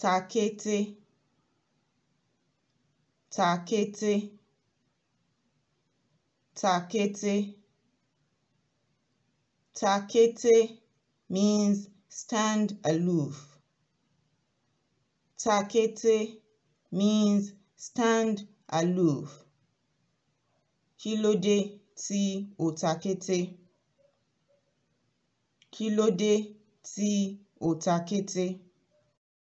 takété takété takété takété means stand aloof takété means stand aloof kí ló tí o takété kí ló tí o takété